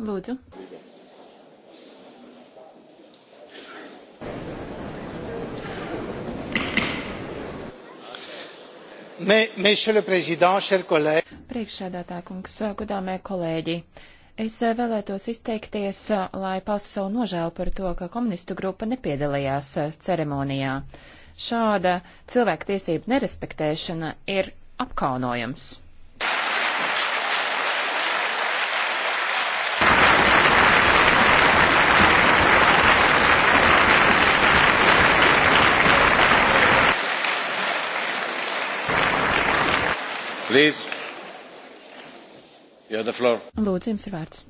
Lūdzu. Priekšsēdētāj kungs, godāmie kolēģi, es vēlētos izteikties, lai paustu savu nožēlu par to, ka komunistu grupa nepiedalījās ceremonijā. Šāda cilvēktiesību nerespektēšana ir apkaunojams. Please. Yeah, Lūdzu, jums ir vārds.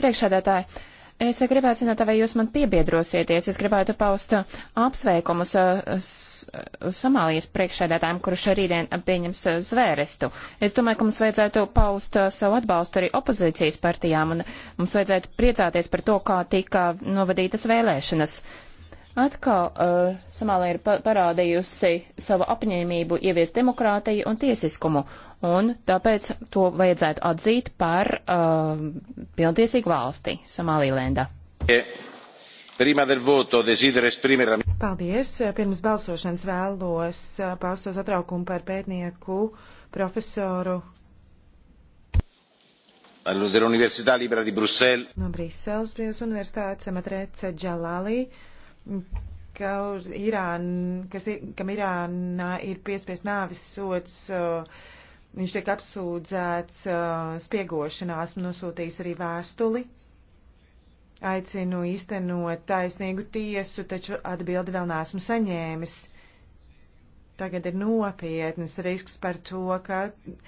Priekšsēdētāji, es gribētu zināt, vai jūs man piebiedrosieties. Es gribētu paust apsveikumus uh, uh, Somālijas priekšsēdētājiem, kurš rītdien pieņems uh, zvērestu. Es domāju, ka mums vajadzētu paust savu atbalstu arī opozīcijas partijām, un mums vajadzētu priecāties par to, kā tika novadītas vēlēšanas. Uh, Atkal uh, Somālija ir pa parādījusi savu apņēmību ieviest demokrātiju un tiesiskumu, un tāpēc to vajadzētu atzīt par uh, pilntiesīgu valsti Somālīlendā. Paldies! Pirms balsošanas vēlos eh, paustos atraukumu par pētnieku profesoru. Dell'Università Libera di Bruxelles. No Briseles, Brīvas Universitātes, Matrece Džalālī ka uz Irānu, kas, kam Irānā ir piespies nāvis sots, uh, viņš tiek apsūdzēts uh, spiegošanā. Esmu nosūtījis arī vēstuli. Aicinu īstenot taisnīgu tiesu, taču atbildi vēl neesmu saņēmis. Tagad ir nopietnas risks par to, ka